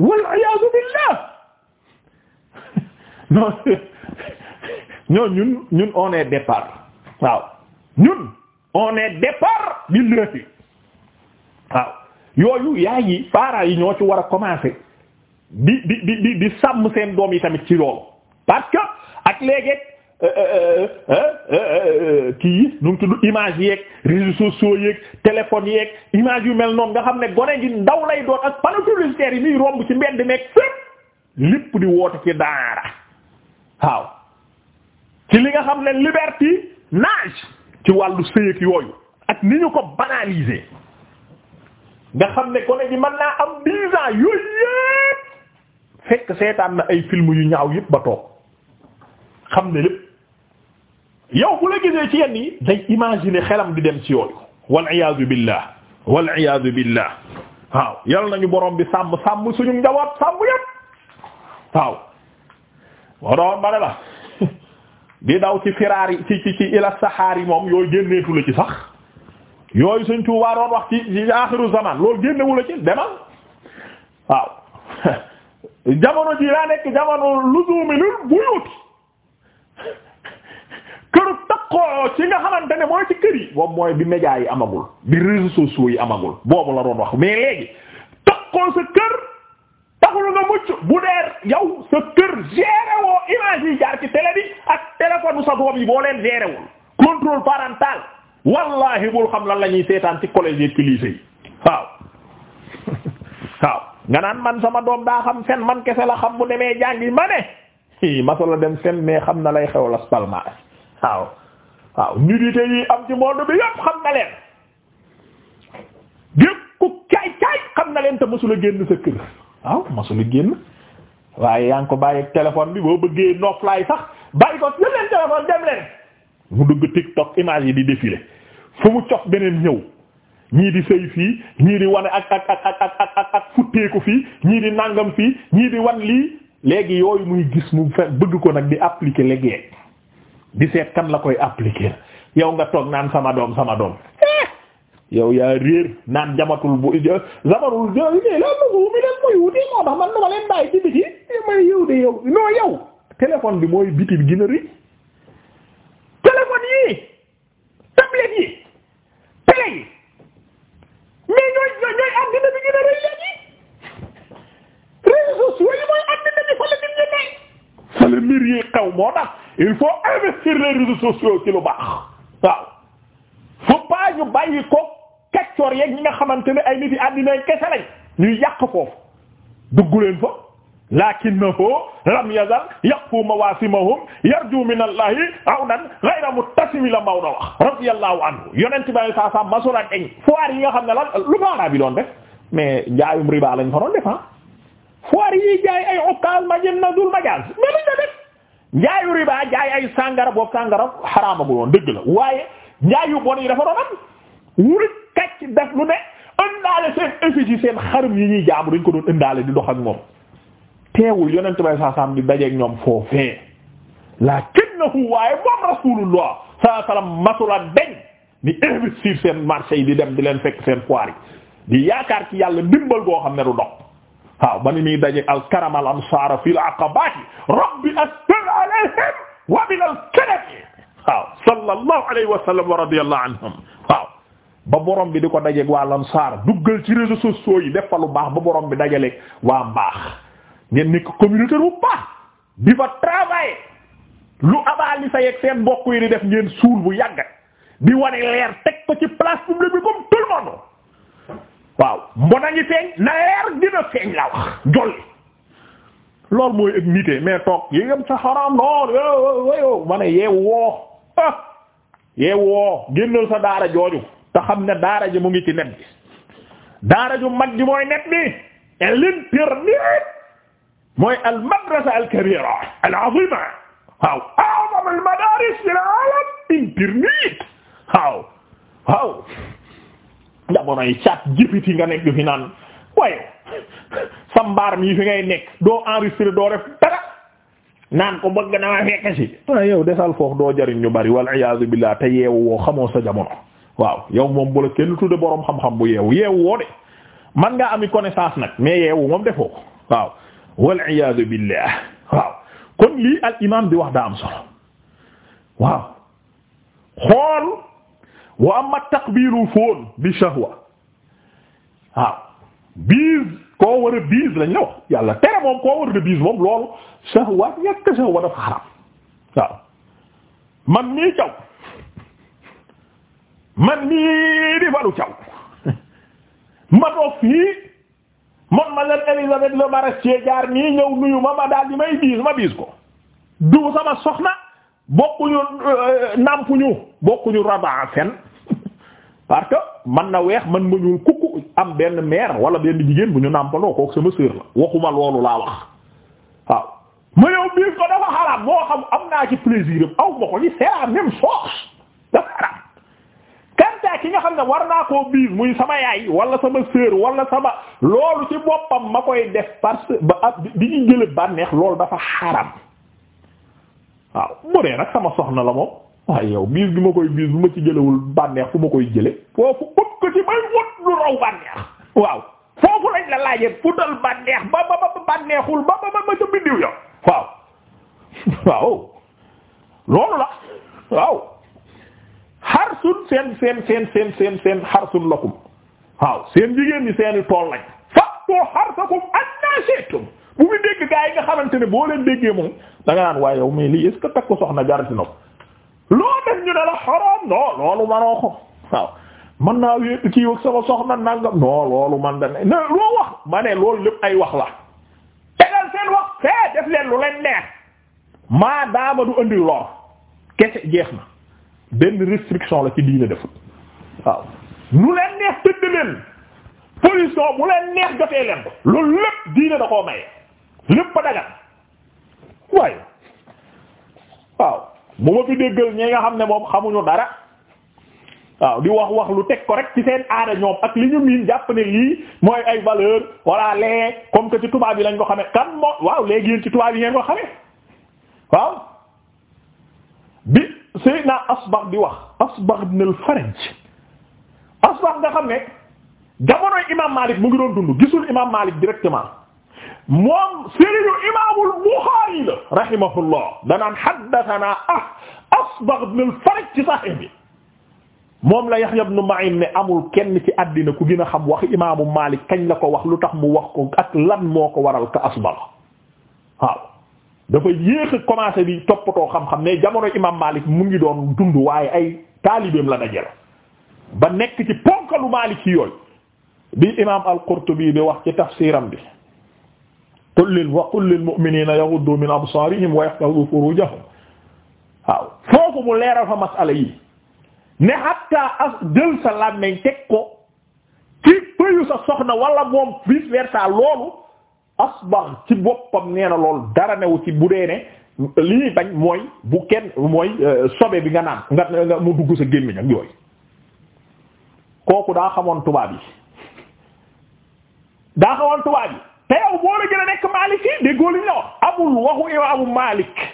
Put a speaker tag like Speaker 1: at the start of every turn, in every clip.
Speaker 1: wal iyaazu billah non ñoo ñun ñun on est départ waaw ñun on est départ billahi waaw yooyu yaay yi parents yi ñoo ci war a commencer di di di di sàmm seen doom yi tamit ci loolu parce que ak léegi Eh, eh, eh, kii nu mu tudd image yeeg réseaux sociaux yeeg téléphone yeeg image yu mel noonu nga xam ne gone gi ndaw lay doon ak panneau publicitaire yi muy romb ci mbedd meeg fépp lépp di woote ci daara waaw ci li nga xam ne liberté nage ci wàllu sëyeeg yooyu ak ni ñu ko banaliser nga xam ne gone gi man naa am dix ans yooyu fekk seetaan na ay film yu ñaaw yépp ba toog xam ne lépp yow bu la gisee ci yenn yi day xelam di dem ci yooyu wal iyaadu billah wal iyaadu billah waaw yal nañu borom bi sàmm sàmm suñu njaboot sàmm yépp waaw moo doon ba ne la di daw ci firaar yi ci ci ila saxaar yi moom yooyu génneetu la ci sax yooyu suñ tuubaa doon wax ci ci zaman loolu génnewu la ci demal waaw jamono ji laa nekk jamono luzumilul buyut këru takkoo ci nga xamante mooy ci kër yi boobu mooy bi média yi amagul bi réseaux sociaux yi amagul boobu la doon wax mais léegi takkoo sa kër taxul nga mucc bu dee yow sa kër gérer image yi jaar ci télé bi ak téléphone sa doom yi boo leen gérer wul contrôle parental wallahi bul xam lan la ñuy seetaan ci collège yi ci yi waaw waaw nga naan man sama doom daa xam fen man kese la xam bu demee jàngi ma ne masala dem fen mais xam na lay xew waaw waaw nudité yi am ci monde bi yépp xam na leen gépp ku caay caay xam na leen te masula génn sa kër waaw masula génn waaye yaa ngi ko bàyyi téléphone bi boo bëggee noflaay sax bàyyi ko yëpp leen dem leen mu dugg TikTok image yi di défilé fu mu cof beneen ñëw ñii di sëy fii ñii di wane ak ak ak ak ak ak futteeku fii ñii di nàngam fii ñii di wan lii léegi yooyu muy gis mu fe bëgg ko nag di appliquer léeg di seet kan la koy appliquer yow nga toog naan sama doom sama doom eh! yow yaa réer naan jamatul bu zamarul jooyu ne la lëguu mi leen muy wuti moo tax man dama leen bàyyi ci biti eh, may yow de yow non yow téléphone bi mooy biti bi gën a riche téléphone yi tablette yi télé yi mais ñooy ñooy àddina bi gën a riche la mbir yi xew moo tax il faut investir les réseaux sociaux ci baax waaw faut pas ñu bàyyi ko kaccoor yeeg ñi nga xamante ne ay nit yi àddina kese lañ ñuy yàq foofu dugg leen fa lakinnahu lam yazal yaqfu mawasimahum yarju min allahi awnan ghayra muttasimi la Maodo wax radiyallahu anhu yonent bi saa saa masula ak foire yi nga xam ne lan lu maara bi doon def mais njaayum riba lañ fa foire yi jaay ay occas majin majaas mais la def njaayu riba jaay ay sàngara boobu sàngara xaraama bu woon dëgg la waaye njaayu bon yi dafa doon am wuri kacc def lu ne ëndaale seen effigie seen xarum yi ñuy jaamu dañ ko doon indaale di dox ak moom teewul yonent bay saasaam di dajeeg ñoom foofee lakinnahu waaye moom rasulullah sallallahu alayhi wasallam masula deñ di investir seen marché yi di dem di leen fekk seen foire yi di yaakaar ci yàlla ndimbal goo xam ne du waaw ba ni muy daje alkarama al ansaara fi l aqabati rabbi astir alayhim wa min alkarami waaw sallallahu alayhi wa sallam wa radiyallahu anhum waaw ba bi di ko dajeeg waa lansaar duggal ci réseaux sociaux yi def fa lu baax ba borom bi dajaleeg waa mbaax ngeen nekk communauté bu baax di fa travailler lu abaali sa yeeg seen mbokk di def ngeen suul bu yàgg di wane leer teg ko ci place publique bi comme tout le waaw mbona ngi feeñ na leer dina feeñ la wax jolli loolu mooy ak nite mais toog yéegam sa xaram noonu yo ma ne yee woo ah sa daara jooju te xam ne daara ji mu ngi ci net bi daara ju mag gi mooy net bi et l'internet mooy al madrasa al kabira al azima waaw a'zam al madaris fil internet waaw jamonoy cat jëfiti nga nekk fi naan waaye sa yi mi fi ngay nekk doo enregistré doo def dara naan ko bëgg na ma fekk ci waaye ah, yow desal foofu doo jariñ ñu bari wal iyaazu billaah te yeewu woo xamoo sa jamono waaw yow moom bu la kenn tudde boroom xam-xam bu yeewu yeewu woo de man ngaa ami connaissance nag mais yeewu moom defoo ko waaw wal iyaazu billaah waaw kon lii al imaam di wax daa am solo waaw xool wa amma taqbiru fóon bi shahwa waaw biis koo war biis lañ la wax yàlla tere moom koo war a biis moom loolu shahwa ñàkk shahwa dafa xaram waaw man mii caw man mii di falu caw ma toog fii man ma leen Elisabeth le maraîcher jaar ñëw nuyu ma ma daal di may biis ma biis ko du sama soxna bokkuñu euh, nàmpuñu bokkuñu rabaa parce que man na weex man ma ñuul kukku am benn meer wala benn jigéen bu ñu nàmpaloo kooku sama sœur la waxuma loolu laa wax waaw ma yow biir ko dafa xaraam moo xam am naa ci plaisir am aw ma ko li c'est ki nga xam ne war naa koo biir muy sama yaay wala sama sœur wala sama loolu ci boppam ma koy def parce que ba bi ñu jële bànneex loolu dafa xaraam waaw mu dee sama soxna la moom waaye yow biis bi ma koy biis bu ma ci jëlewul bànneex fu ma koy jële foofu ut ko ci may wut lu raw bànneex waaw foofu lañ la laajee putal bànneex ba ba ba bànneexul ba ba ba ba ca bindiw yow waaw loolu la waaw xarsun seen seen seen seen seen seen xarsun lakum waaw seen jigéen ñi seeni tool lañ fa to xarsakum annaa shi'tum bu mu dégg gaa yi nga xamante ne boo leen déggee moom da naan waaye yow mais lii est-ce que takk soxna jarati na ko loo def ñu ne la xaram non loolu manoo ko waaw man naa wéet kii sama soxna nangam non loolu man da ne loo wax ma loolu lépp ay wax la tegal seen wax fee def leen lu leen neex maa daama du indi lor kese jeex na benn restriction la ci diine defut waaw nu leen neex tëdd leen position bu leen neex jotee leen loolu lépp diine lépp a dagan waaye waaw bu ma fi déggal ñi nga xam ne moom xamuñu dara waaw di wax wax lu teg ko rek ci seen aada ñoom ak li ñu miin jàpp ne lii mooy ay valeur walla lee comme que ci tubaab yi lañ ko xame kan moo waaw léegi yéen ci tubaab yi ngeen ko xame waaw bi Seydina Asbax di wax Asbax ibn al Asbax nga xam ne jamonoy imaam Maalik mu ngi doon dund gisul imaam Maalik directement moom sëriñu imaamul Buxaari la rahimahullah danaan haddathana ah Asbagh ibn al ci Sahih bi moom la Yahya ibn Ma'in ne amul kenn ci àddina ku gën a xam wax imaamu Maalik kañ la ko wax lu tax mu wax ko ak lan moo ko waral ka Asbagh waaw dafa yéex a commencé di toppatoo xam-xam ne jamono imaam Maalik mu ngi doon dundu waaye ay taalibeem la dajale ba nekk ci ponkalu Maalik yooyu bi imaam al-Qurtubi di wax ci tafsiram bi. qul lil wa qul lil mu'minina yaghuddu min absarihim wa yahfazu furujahum foofu mu leeral fa masala yi ne hatta as jël sa làmmeñ teg ko ci pëyu sa soxna wala moom vice versa loolu asbax ci boppam nee na dara newu ci bu dee ne li bañ mooy bu kenn mooy euh, sobe bi nga naan nga mu dugg sa gémmiñ ak yooyu kooku daa xamoon tubaab yi daa xamoon tubaab yi te yow boo la gën a nekk Maalik yi li ñu wax waxu imaamu Maalik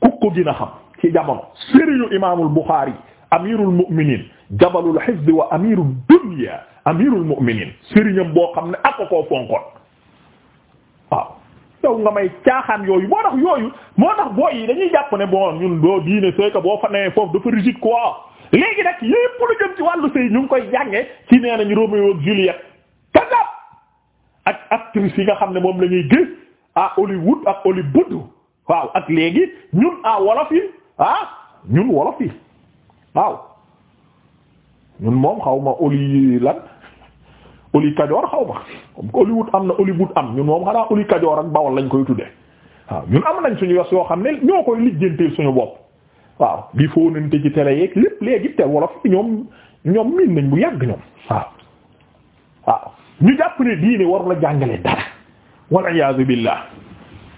Speaker 1: ku ko gën a xam ci jamono sëriñu imaamul Buxaari amirul mu'minin jabalul hifz wa amirul dunya amirul mu'minin sëriñam boo xam ne ak ko koo fonkoon waaw yow nga may caaxaan yooyu moo tax yooyu moo tax booy yi dañuy jàpp ne bon ñun doo diine sooy boo fa nee foofu dafa rigide quoi léegi nag yépp lu jëm ci wàllu sëy ñu koy jànge ci nee nañ Roméo ak Juliette ak actrice yi nga xam ne moom lañuy ñuy gis à Hollywood ak Hollywood waaw ak léegi ñun à wolof yi ah ñun wolof yi waaw ñun moom xaw ma oli lan oli kajoor xaw ma comme que am na Hollywood am ñun moom ak bawol lañ koy tuddee waaw ñun am nañ suñu yos yoo xam ne ñoo koy lijjanteel suñu bopp waaw bi fóonante ci télé yeeg lépp léegi te wolof yi ñoom ñoom miin nañ bu yàgg ñoom waaw ñu jàpp ne diine war la jàngale dara wal iyaazu billah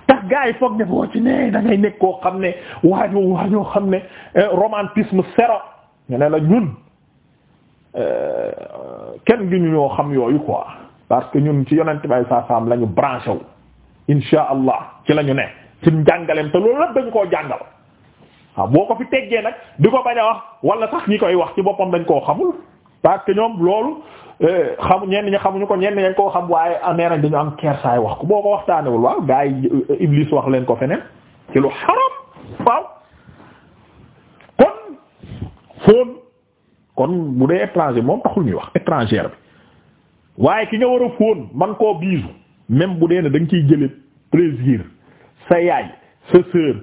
Speaker 1: tax gars yi foog ne boo ci ne da nekk koo xam ne waajoo waajoo xam ne eh, romantisme zéro ñu ne la ñun eh, kenn gi ñu ñoo xam yooyu quoi parce que ñun ci yonent bay saa saam la ñu branché wu insha allah ci la ñu ne ci njàngaleem te loolu lépp dañu koo jàngal waaw boo ko fi teggee nag di ko bañ a wax wala sax ñi koy wax ci boppam dañ koo xamul parce que ñoom loolu eh, xamu ñenn ñi xamuñu ko ñenn ñañ ko xam waaye amee nañ dañu am kersaay wax ko boo ko waxtaanewul waaw gaa yi eh, Iblis wax leen ko feneen ci lu xaram waaw kon fóon kon bu dee étranger moom taxul ñuy wax étrangère bi waaye ki nga war a fóon man koo biisu même bu dee ne da ciy jële plaisir sa yaay sa sœur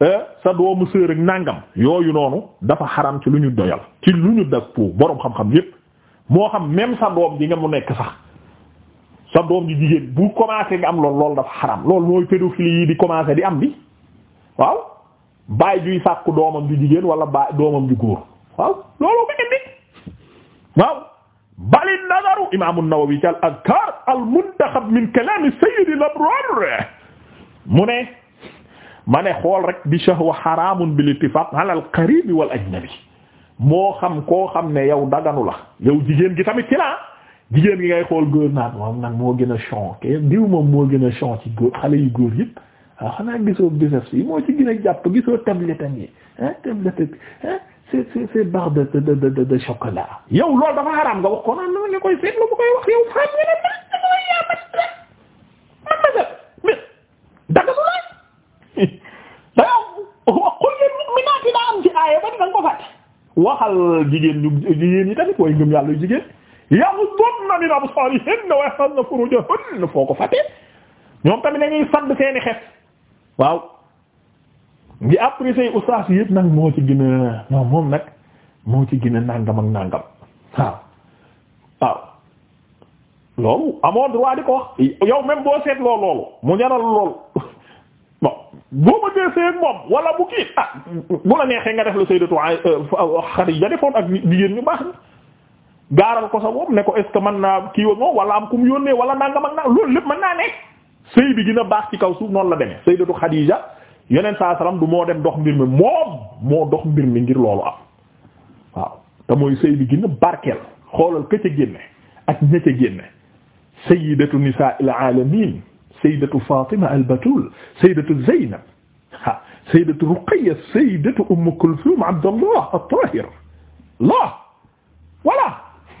Speaker 1: Eh? sa doomu sër ak nàngam yooyu noonu dafa xaram ci lu ñu doyal ci lu ñu def pour boroom xam-xam yépp moo xam même sa doom ji nga mu nekk sax sa doom ji jigéen bu commencé nga am lool loolu dafa xaram lool mooy pédophilie yi di commencé di am bi waaw baay juy sàkku doomam ju jigéen wala baay doomam ju góor waaw loolu ko indi waaw bali nadaru imam an-Nawawi ci al-Adkaar al-Muntaxab min kalaam sayyid al-abrar mu ne ma ne xool rek bi shahwa xaraamun bil ittifaq ala al qarib wal ajnabi moo xam koo xam ne yow daganu la yow jigéen gi tamit ci la jigéen gi ngay xool góor naat moom nag moo gën a chon ke diw moom moo gën a chon ci góor xale yu góor yëpp waaw ah xanaa gisoo bises yi moo ci gën a jàpp gisoo tablette am yi ah tablette ah c'est c'est c'est barre de de de chocolat yow loolu dafa xaraam nga wax ko naan na nga koy seet lu mu koy wax yow fam wala ma mooy yaamat rek te yow am ci aaya ba di danga ko fàtte waxal jigéen ñu jigéen ñi tamit way ngëm yàlla jigéen yaghudna min absarihinna wa yahfazna furujahunna foo ko fàtte ñoom tamit dañuy sàdd seeni xef waaw ngi apprécier ustaas yëpp nag moo ci gën a non moom nag moo ci gën a nàngam ak nàngam waaw waaw loolu amoo droit di ko wax yow même boo seet loolu mu jaral loolu boo bëggee sëy ak moom wala bu kii ah bu la neexee nga def la sayyidatu euh, euh, Xadiija defoon ak jigéen ñu baax ni gaaral ko sa bopp ne ko est ce que mën naa kii wa moom wala am ku mu yónnee wala nangam ak naan loolu lépp man naa nekk sëy bi gin a baax ci kaw suuf noonu la demee sayyidatu Xadiija yeneen saa salaam du moo dem dox mbir mi moom moo dox mbir mi ngir loolu am waaw te mooy sëy bi gën a barkeel xoolal ka ca génne ak ña ca génne sayyidatu nisaa'il aalamiin saydatu Fatima al-Batul saydatu Zeynab ah saydatu Ruqayya saydatu Umm Kulthum Abdallah at-Tahir Allah voilà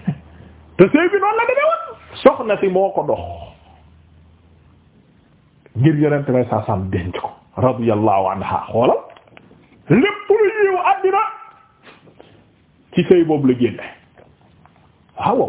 Speaker 1: te sëy bi noonu la demee woon soxna si moo ko dox ngir yonent may saa saam denc ko radiyallahu anha xoolal lépp lu yiw àddina ci sëy boobu la génne waaw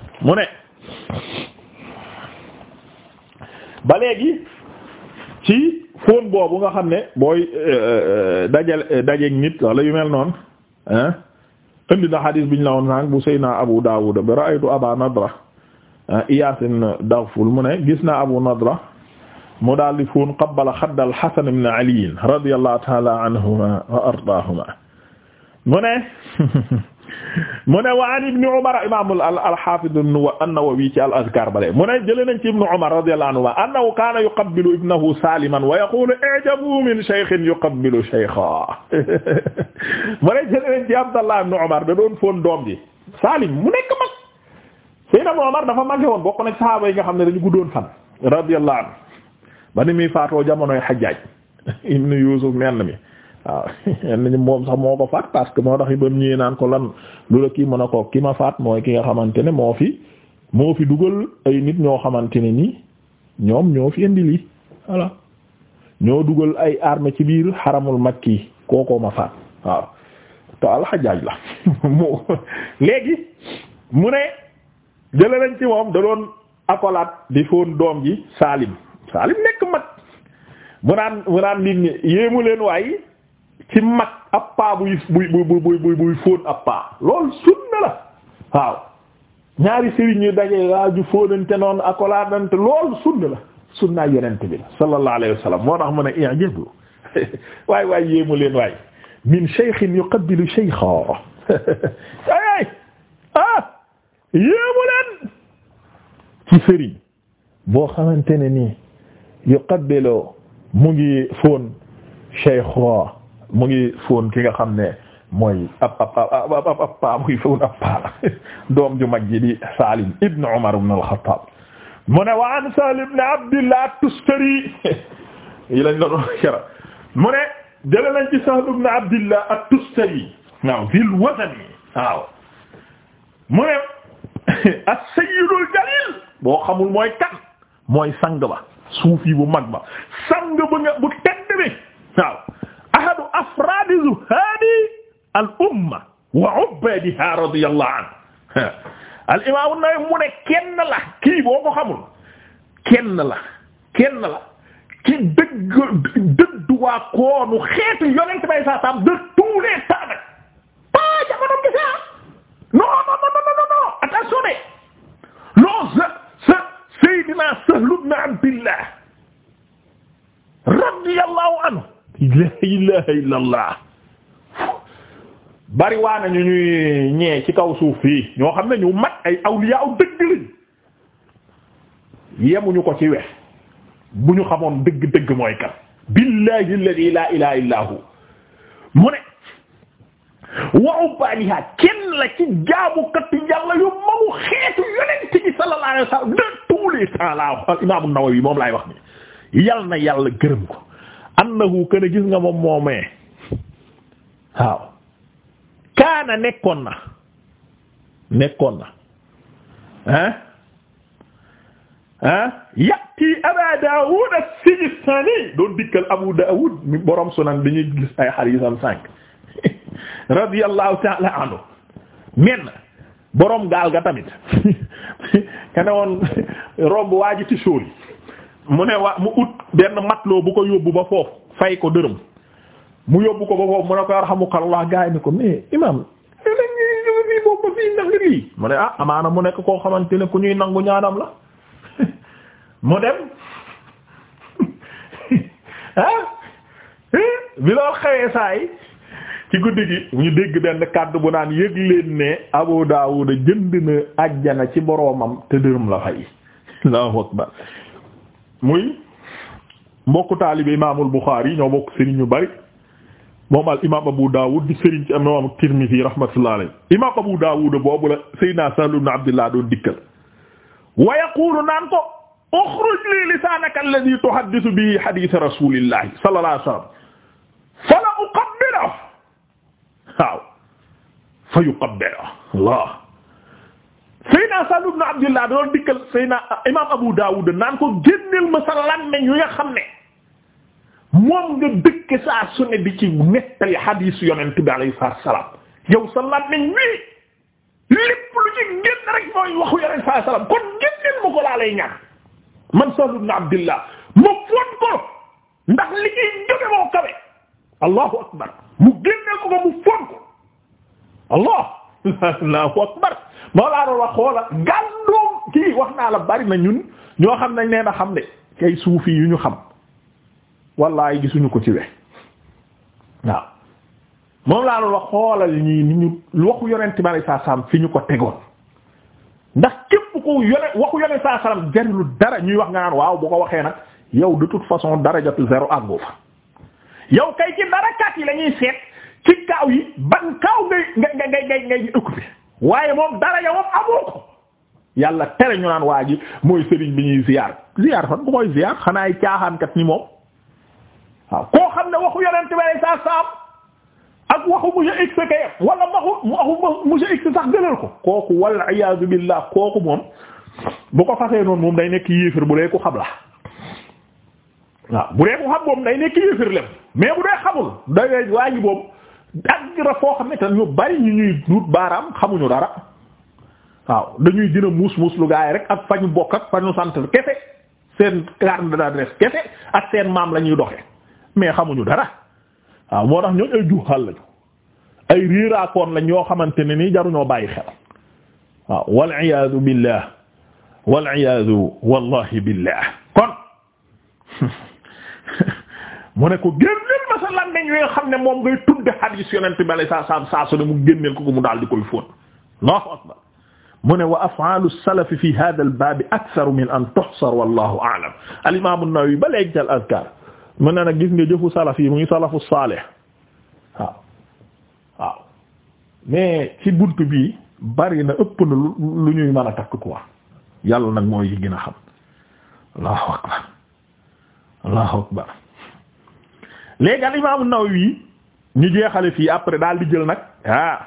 Speaker 1: ba léegi ci fóon boobu nga xam ne booy euh, euh, dajal euh, dajeeg nit wala yu mel noon ah indi na xadiis biñ la woon sànq bu Seyna Abu Dawud ba ra'aytu Aba Nadra Iyaas ibn Dawful mu ne gis naa Abu Nadra mu daal di fóon qabbala xaddal Hasan ibn Ali radiyallahu ta'ala anhuma wa ardaahuma mu ne mu ne wa an ibni umar imam al-hafiz an-nawawi ci al-azkar bale mu ne jële nañ ci ibnu umar radiyallahu anhu annahu kana yuqabbilu ibnahu saliman wa yaqulu i'jabu min shaykhin yuqabbilu shaykha mu ne jële nañ ci abdallah ibnu umar da doon foon doom ji salim mu nekk mag sayyidna umar dafa màgge woon bokk na ci sahaaba yi nga xam ne dañu guddoon fan radiyallahu anhu ba ni muy faatoo jamonoy xajjaaj ibnu yusuf menn mi waaw yenn ñi moom sax moo ko faat parce que moo tax ba mu ñëwee naan ko lan lu la kii mën a ko ki ma faat mooy ki nga xamante ne moo fi moo fi dugal ay nit ñoo xamante ne ni ñoom ñoo fi lii voilà ñoo dugal ay armes ci biir xaramul mag ki kookoo ma faat waaw te alxajaaj la mu léegi mu ne jële nañ ci moom da akolaat di foon doom ji Salim Salim nekk mag mu naan mu naan nit yéemu leen waay ci mag ab paa buy buy buy buy sunna la waaw ñaari sëriñ yu daje laa ju fóonante noonu akolaadante loolu sunna la sunna yonent bi la sallallahu alayhi wa sallam moo tax mu ne i'jabu waay waay yéemu leen waay min shaykhin yuqabbilu shaykha ay ah leen ci sëriñ boo xamante ne nii mu ngi fóon shaykha mu ngi fóon ki nga xam ne mooy ab ab ab ab ab paa muy fóon ab paa doom ju mag ji di Salim ibn Umar ibn al-Khattab mu ne wa an Salim ibn Abdillah Tustari yi lañ la doon xira mu ne jëlee nañ ci Salim ibn Abdillah at-Tustari waaw fil wazani waaw mu ne as-sayyidul jalil boo xamul mooy kan mooy sang ba suufi bu mag ba sang ba nga bu tedd bi waaw ijhaadu afraadi zuhaadi al umma wa ubbaadiha radiyallahu anhu al imaamu Nawawi mu ne kenn la kii boo ko xamul kenn la kenn la ci dëgg dëddu waa koonu xeetu yonent bay saa saam de tous les temps nag pas jamono gi saa ah. non non non non non attention de non sa sa Seydina Sahl ibn Abdillah radiyallahu anhu la ilaha illa bari waa na ñu ñuy ñee ci kaw suuf fii ñoo xam ne ñu mat ay awliya dëgg lañ yemuñu ko ci wex bu ñu xamoon dëgg-dëgg mooy kan billahi alladhi la ilaha illa mu ne wa ubbaaliha kenn la ci jaabukatu yàlla yu magu xeetu yonent bi sallallahu alayhi nawawi moom laay wax ni yal na yàlla gërëm ko annahu kana gis nga moom moomee waaw kaana nekkoon na nekkoon na ah ah yati aba daawud as-sijistani doon dikkal abu daawud mi borom sunan bi ñuy gis ay xadiisam cinq radiyallahu ta'ala anhu men borom gaal ga tamit kene woon rob waaji ti mu ne waa mu ut benn matloo bu ko yóbbu ba foofu fay ko dërëm mu yóbbu ko ba foofu mu ne ko yarhamukallah gaa yi ni ko mais imam mu ne ah amaana mu nekk koo xamante ne ku ñuy nangu ñaanam la mu dem ah eh, bi lool xewee saa yi ci guddi gi ñu dégg benn kàddu bu naan yëg leen ne Abu Daawuda jënd na ajjana ci boroomam te dërëm la fay Allahu akbar muy mbokku taalibe imaamul Buxaari ñoo bokk sëriñ ñu bari moom al imaam Abu Daawud di sëriñ ci imaam Tirmisi rahmatullahi alayhi imaam Abu Daawud boobu la Seydina Sahl ibn Abdillah doon dikkal wa yaqulu naan ko uxruj li lisaanaka alladhi tuhaddisu bihi hadiisa rasuulillahi sallallahu alayhi wa sallam fala uqabbilahu waaw fa yuqabbilahu Allah Seyna Sahl ibn Abdillah da doon dikkal Seyna Imam Abu Dawud naan ko génneel ma sa làmmiñ yu nga xam ne moom nga dëkk saa su ne di ci nettali hadiis yonent bi alayhi salaam yow sa làmmiñ wii lu ci génn rek mooy waxu yonent saa salaam ma ko laa lay ñaan man Sahl ibn Abdillah ma fóot ko ndax li ciy jóge moo kawe Allahu akbar mu génneel ko ko mu fóot ko Allah Allahu akbar moo laa doon wax xoola gàndoom kii wax naa la bari na ñun ñoo xam nañ neen a xam ne kay suufi yu ñu xam wallaay gisuñu ko ci we waaw moom laa doon wax xoolal ñii ni ñu waxu yonent bi alayhi salaam fi ñu ko tegoon ndax képp ku yone waxu yonent saa salaam jarilu dara ñuy wax nga naan waaw bu ko waxee nag yow de toute façon darajatu zéro àggoo fa yow kay ci dara kat yi lañuy seet ci kaaw yi ban kaaw ngay ngay ngay ngay ngay waaye moom dara yow yàlla tere ñu naan waa ji bi xanaa ay caaxaankat ni moom waaw koo xam ne waxu yonent bi ay wal iyaazu billaah kooku moom ko fasee noonu moom day nekk bu dee ko xam bu dee ko xam waa ji boobu. dagg la foo xam ne te ñu bari ñu ñuy duut baaraam xamuñu dara waaw dañuy dina muus muus lu gaay rek ak fañu bokk ak fañu sant kese seen carte d'adresse kese ak seen maam la ñuy doxee mais xamuñu dara waaw moo tax ñooñu ay juuxal lañu ay réeraakoon lañ yoo xamante ne nii jaruñoo bàyyi xel waaw wal iyaadu billah wal iyaadu wallahi billah kon mu ne ko génn sa làmmiñ wi xam ne moom ngay tudde xadiis yonent bi alay saa saa saa mu génneel ko ko mu daal di koy fóon Allahu akbar mu ne wa af'aalu salaf fi haadha al-baab aktharu min an tuhsar wallahu ba léegi jël azkaar mu ne nag gis nga jëfu salaf yi muy salafu saalih waaw mais ci bunt bi bari na ëpp na lu ñuy mën a takk yàlla nag mooy yi gën a xam Allahu akbar Allahu akbar léegi al imaamu Nawawi ñu jeexale fii après daal di jël nag ah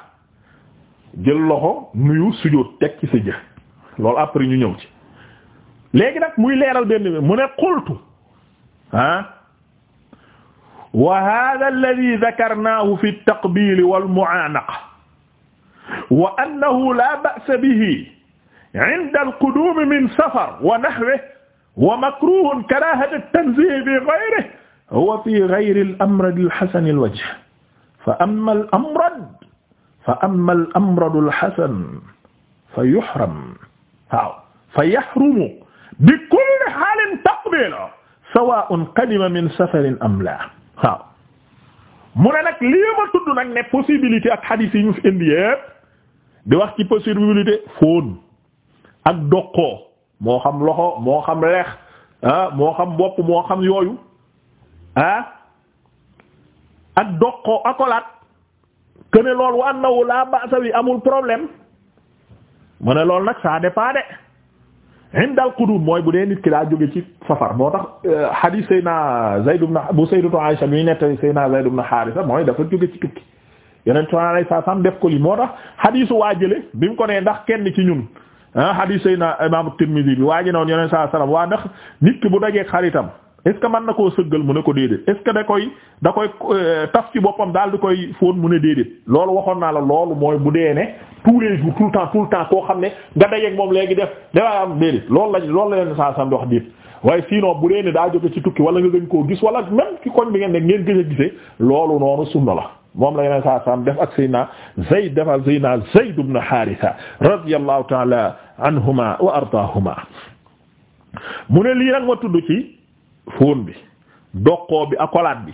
Speaker 1: jël loxo nuyu sujjóot teg ci sa jë loolu après ñu ñëw ci léegi nag muy leeral benn bi mu ne qultu ah wa hadha alladhi dhakarnahu fi at-taqbil wal mu'anaqa wa annahu la ba'sa bihi 'inda al-qudum min safar wa nahwihi wa makruhun karahatu at-tanzih bi ghayrihi huwa fi ghayri al-amrad al-hasan al-wajh fa amma al-amrad fa amma al-amrad al-hasan fa yuhram waaw fa yahrumu bi kulli haalin taqbiluhu sawaa'un qadima min safarin am laa waaw mu ne nag lii ma tudd nag ne possibilité ak xadiis yi ñu fi indi yépp di wax ci possibilité fóon ak doqoo moo xam loxo moo xam leex ah moo xam bopp moo xam yooyu ah ak doqoo akolaat que ne loolu wa na la ba'sa wi amul problème mu ne loolu nag ça dépend de inda al mooy bu dee nit ki daa jóge ci safar moo tax euh, hadith sayna Zayd ibn bu sayyidatu Aisha mi nett sayna Zayd ibn Haarisa mooy dafa jóge ci tukki yeneen sallallahu alayhi def ko li moo tax hadith waa jële bi mu ko nee ndax kenn ci ñun ah hadith sayna imam Tirmidhi bi waa ji noonu yeneen waa ndax nit ki bu dajee xaritam est-ce que mën na koo sëggal mu ne ko déedéet est da koy da koy euh, taf ci boppam daal di koy fóon mu ne déedéet loolu waxoon naa la loolu mooy bu dee ne tous les jours le temps tout le temps koo xam ne nga dajeeg moom léegi def dafaa am déedéet loolu lañ loolu la leen saa sam wax déet waaye sinon bu dee ne daa jóge ci tukki wala nga gën koo gis wala même ci koñ bi ngeen ne ngeen gën a gisee loolu noonu sunna la moom la yeneen saa saam def ak Seydina Zayd dafa Seydina Zayd ibn Haritha radiyallahu ta'ala anhuma wa ardaahuma mu ne lii nag ma tudd ci fóon bi doqoo bi accolade bi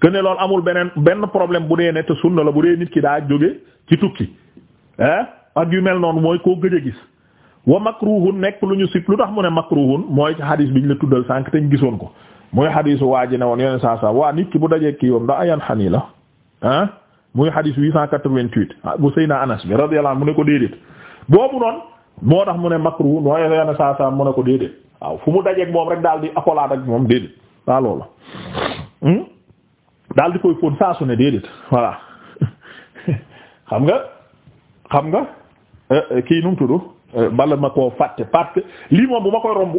Speaker 1: que ne loolu amul beneen benn problème bu dee ne te sunna la bu dee nit ki daa jóge ci tukki ah ak yu mel noonu mooy ko gëj a gis wa makruhun nekk lu ñu sib lu tax mu ne makruhun mooy ci xadis ñu la tuddal sànq te gisoon ko muy xadisu waa ji ne woon yeneen saa waa nit bu dajee kii yoom ndax ayan xanii la ah muy xadis 888 bu Seyna Anas bi radiyallahu anhu mu ne ko déedéet boobu noonu moo tax mu ne makruhun mooy yeneen saa saa mu ne ko déedéet. waaw fu mu dajeeg moom rek daal di accolade ak moom déedéet waaw la hmm? daal di koy fóon saa su ne déedéet voilà xam nga xam nga eh, eh, kii nu mu tudd eh, bala ma koo fàtte parce lii moom bu ma koy romb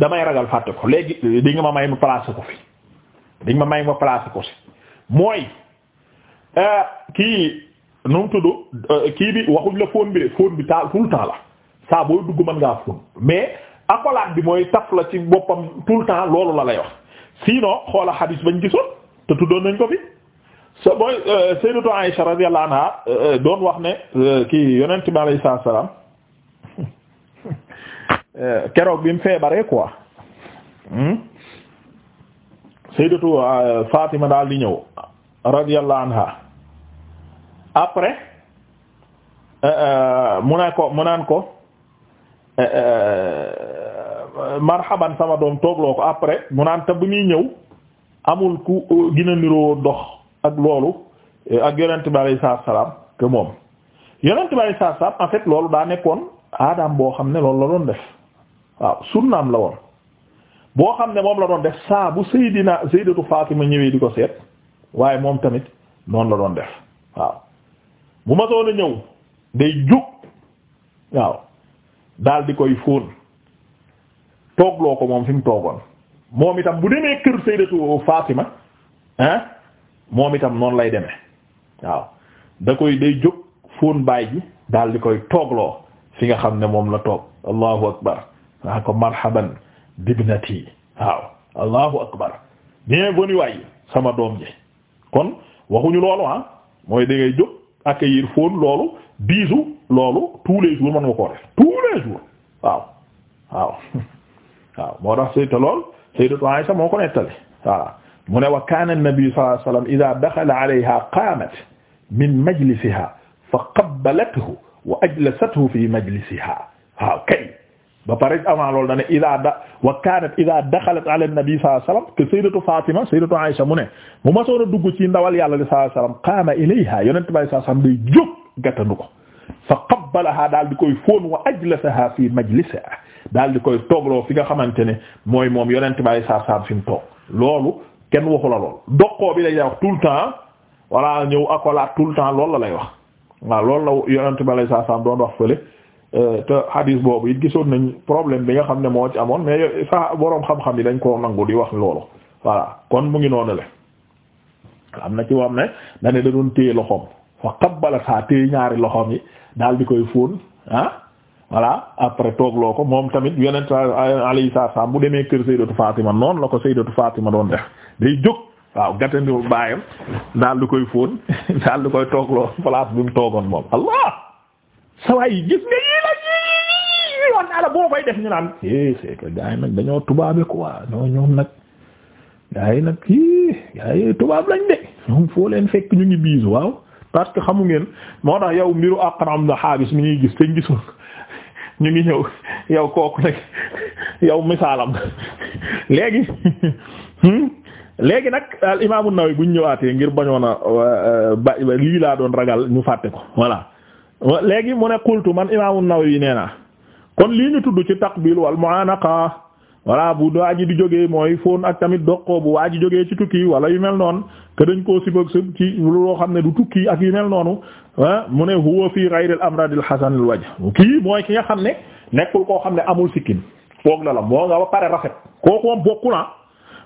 Speaker 1: damay ragal fàtte ko léegi di nga ma may ma placer ko fi di ma may ma placer ko si mooy kii nu mu tudd kii bi waxuñ la fóon bi de fóon bi taal tout temps la saa boo dugg mën ngaa fóon mais. accolade bi mooy taf la ci boppam tout le temps loolu la lay wax sinon xoola xadiis bañ gisoon te tuddoon nañ ko fi so mooy euh, sayyidatu Aisha radiyallahu anha euh, doon wax ne euh, kii yonent bi alayhi salaam keroog bi mu feebaree quoi hmm? sayyidatu Fatima daal di ñëw radiyallahu anha après mu ne ko mu naan ko Euh, euh, euh, marhaban sama doom toogloo ko après mu naan te bu ñuy ñëw amul ku gën a niroo dox ak loolu ak yonent bi alayhi salaam que moom yonent bi alayhi salaam en fait loolu daa nekkoon aadaam boo xam ne loolu la doon def waaw sunnaam la woon boo xam ne moom la doon def saa bu Seydina Sayyidatu ma ñëwee di ko seet waaye moom tamit noonu la doon def waaw bu ma soon a ñëw day jóg waaw daal di koy fóon toogloo ko moom fi mu toogoon moom itam bu demee kër sayyidatu Fatima ah moom itam noonu lay deme waaw da koy day jóg fóon baay ji daal di koy toogloo fi nga xam ne moom la toog allahu akbar waa ah, ko marhaban dibnati waaw allahu akbar bienvenue waay sama doom ji kon waxuñu loolu ah mooy da jóg accueillir fóon loolu biisu loolu tous les jours mën nga koo def tous les jours waaw waaw waaw moo tax sayta lool sayyidatu Aisha moo ko nettali voilà mu ne wa kaana an-nabi sallallahu alayhi wa sallam idha dakhala alayha qaamat min majlisiha fa qabbalathu wa ajlasathu fi majlisiha waaw kay ba pare avant loolu dane ida da wa kanat ida daxalat ala nabi sallallahu alayhi wasallam que sayyidatu fatima sayyidatu aisha mu ne mu masoon a dugg ci ndawal yàlla li sallallahu alayhi wasallam qaama ilayha yonent bay sallallahu alayhi wasallam day jóg gàttandu ko fa qabbalaha daal di koy fóon wa ajlasaha fi majlisiha daal di koy toogloo fi nga xamante ne mooy moom yonent bay sallallahu fi mu toog loolu kenn waxu la lool doqoo bi lay wax tout le temps wala ñëw akolaat tout le temps loolu la lay wax waaw loolu la yonent bay sallallahu alayhi wasallam doon wax fële Euh, te hadis boobu it gisoon nañ problème bi nga xam ne moo ci amoon mais sa boroom xam-xam yi dañ koo nangu di wax loolu voilà kon mu ngi noonu le am na ci wam ne da da doon téye loxoom fa qabbala saa téye ñaari loxoom yi daal di koy fóon ah voilà après loo ko moom tamit yonent alayhi salaam bu demee kër Sayyidatu Fatima noonu la ko Sayyidatu Fatima doon def day jóg waaw gàttandiwul baayam daal di koy fóon daal di koy toogloo place bi mu toogoon moom sawaay gis nga yii la yii yoon ala boo fay def ñu naan eh c'est que yi nag dañoo tubaabe quoi ñoo ñoom nag gars yi nag ii gars yi tubaab lañ de ñoom foo leen fekk ñu ngi biis waaw parce que xamu ngeen moo tax yow mbiru Aqram na xaabis mi ngi gis te gisul ñu ngi ñëw yow kooku nag yow misaalam léegi hmm? léegi nag al imaamu Nawawi buñ ñëwaatee ngir bañoon a euh, euh, ba lii laa doon ragal ñu fàtte ko voilà léegi mu ne qultu man imaamu Nawawi nee na kon lii ñu tudd ci taqbil wal mu'anaqa walla bu waa ji di jógee mooy fóon ak tamit doqoo bu waa ji jógee ci tukki wala yu mel noonu que dañ koo sibag sib ci loo xam ne du tukki ak yu mel noonu ah, mu ne huwa fii ghayril amradil hasanil wajh kii mooy ki nga xam ne nekkul koo xam ne amul sikkin foog la la moo nga ba pare rafet kooku moom bokku na ah.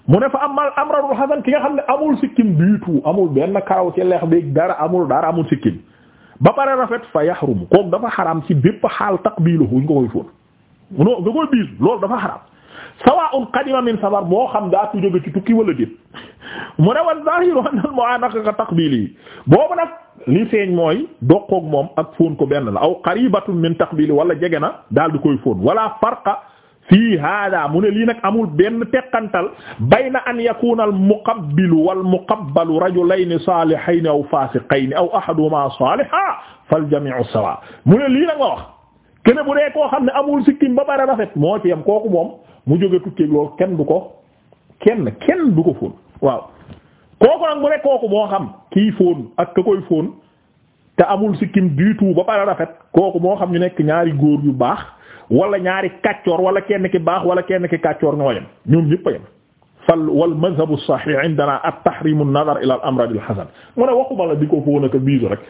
Speaker 1: mu ne fa amal amradul hasan ki nga xam ne amul sikkin du tout amul benn karaw ci leex bi dara amul dara amul sikkin ba pare rafet fa yaxrumu kook dafa xaram ci bépp xaal taqbiluhu ñu ko koy fóon non nga koy biis loolu dafa xaram sawaa'un qadima min safar moo xam daa tu jóge ci tukki wala déet mu ne wa zahiru anna al-mu'anaqa taqbili boobu nag li feeñ mooy doqoog moom ak fóon ko benn la aw qaribatan min taqbili wala jege na daal di koy fóon wala farqa fii hada mu ne lii nag amul benn teqantal bayna an yakuna al muqabbilu wal muqabbalu rajulayni salihayni aw fasiqayni aw ahaduhuma salihan fal jami'u sawa mu ne lii nag la wax kene bu dee koo xam ne amul sikkim ba bara rafet moo ci yam kooku moom mu jóge tukkeeg loolu kenn du ko kenn kenn du ko fóon waaw kooku nag mu ne kooku moo xam kii fóon ak ka koy fóon te amul sikkim du tout ba bara rafet kooku moo xam ñu nekk ñaari góor yu baax wala ñaari kàccoor wala kenn ki baax wala kenn ki kàccoor ñoo yem ñoom ñëpp a yem fal wal madhabu sahih indana at-tahrim an-nazar ila al-amr al-hasan mu ne waxuma la di ko foo naka biisu rek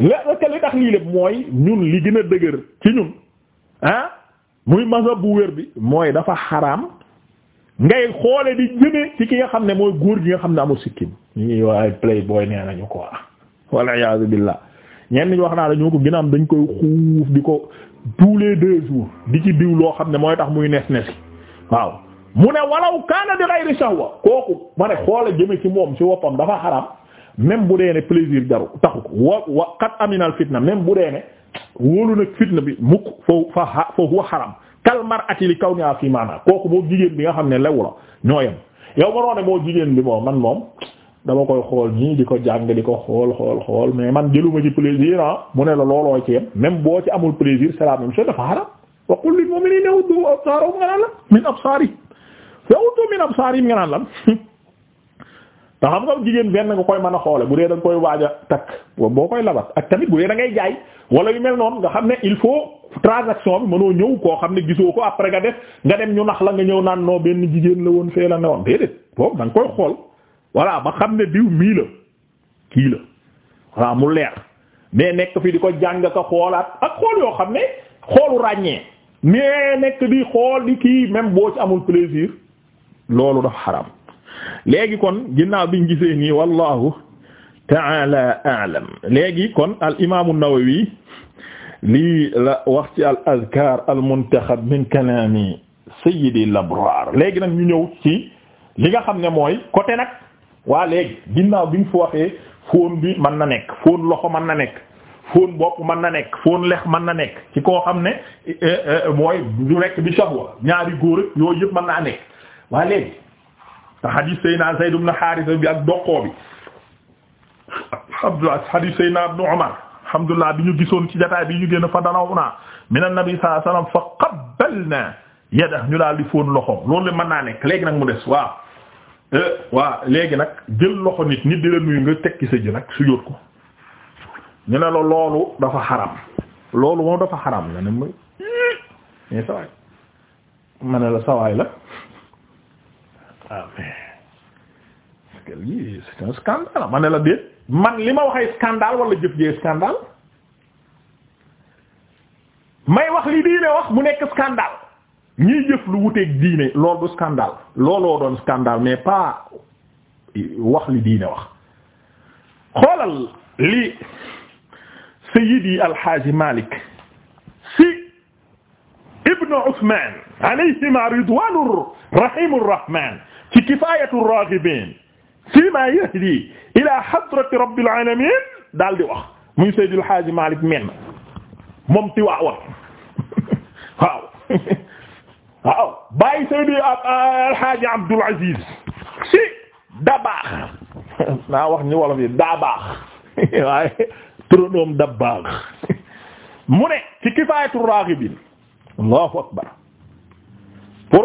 Speaker 1: laka li tax lii lépp mooy ñun li gën a dëgër ci ñun ah muy mazhab bu wér bi mooy dafa xaraam ngay xoole di jëme ci ki nga xam ne mooy góor gi nga xam ne amul sikkim ñu ngi wax ay playboy nee nañu ko wala iyaazu billah ñenn ñu wax naa dañoo ko gën a am dañ koy xuuf di ko tous les deux di ci diw loo xam ne mooy tax muy nes nesi waaw mu ne walaw kaana bi ghayri shahwa kooku ma ne xoola jëme ci moom si woppam dafa xaram même bu dee ne plaisir jaru taxu ko wa wa qad aminal fitna même bu dee ne wóolu nag fitna bi mukk fa fa fa huwa xaram kal mar'ati li kawniha fi maana kooku moo jigéen bi nga xam ne lewu la ñoo yem yow ma ne moo jigéen bi moom man moom dama koy xool nii di ko jàng di ko xool xool xool mais man jëluma ci plaisir ah mu ne la looloo ci yem même boo ci amul plaisir c'est la même chose dafa haram wa qul lil mu'minina yawuddu absarahum nga naan lan min absarihim nga naan lan nga benn nga koy mën a xoole bu dee koy waaj a boo koy labat ak tamit bu dee da ngay wala yu mel noonu nga xam ne il faut transaction bi manoo ñëw koo xam ne gisoo ko après nga def nga dem ñu nax la nga ñëw naan noo benn jigéen la woon fee la ne woon déedéet boobu da koy xool voilà ba xam ne diw mii la kii mu leer mais nekk fi di ko jàng ka xoolaat ak xool yoo xam ne xoolu ràññee mais nekk di xool di kii même boo ci amul plaisir loolu dafa xaram léegi kon ginnaaw biñ gisee nii wallahu ta'ala a'lam léegi kon al imam an-Nawawi lii la wax ci al azkar al muntaxab min kalami sayyidi al léegi nag ñu ñëw ci li nga xam ne mooy côté nag waa léegi ginnaaw bi nga fi waxee fóon bi mën na nekk fóon loxo mën na nekk fóon bopp mën na nekk fóon lex mën na nekk ci koo xam ne eh, eh, eh, mooy du nekk bi shahwa ñaari góor ak yooyu yëpp mën naa nekk waa léegi te xadiis Seydina Zayd ibn Haarisa bi ak doqoo bi alhamdulillah xadiis Seydina Ibn Umar alhamdulillah bi ñu gisoon ci jotaay bi ñu génn fa danaw naa min an-nabi sallallahu ñu daal di fóon loxoom loolu mën naa nekk léegi nag mu des waaw Euh, waaw léegi nag jël loxo nit nit di la nuyu nga tekki sa ji nag sujjóot ko ñu ne la loolu dafa xaram loolu moom dafa xaram nga ne ma mais la sawaay la ah, waaw mais parce ma la déet man li ma waxee scandale wala jëf jee scandale may wax li diine wax mu nekk scandale ñiy jëf lu wuteeg diine loolu du scandale looloo doon scandale mais pas wax li diine wax xoolal li sayyidi alxaaji Malik si ibnu Usmaan alayhima ridwaanu rahimu rahmaan ci kifaayatu raagibiin fiimaa yahdi ila hadrati rabbil aalamiin daal wax muy sayyidi alxaaji Malik men moom ti waaw bàyyi Seydi Alxaaji euh, Abdul Aziz si da baax naa wax ni wolof yi daa baax waaye turandoom da baax mu ne ci Kifaayatur Raaxibiin allahu akbar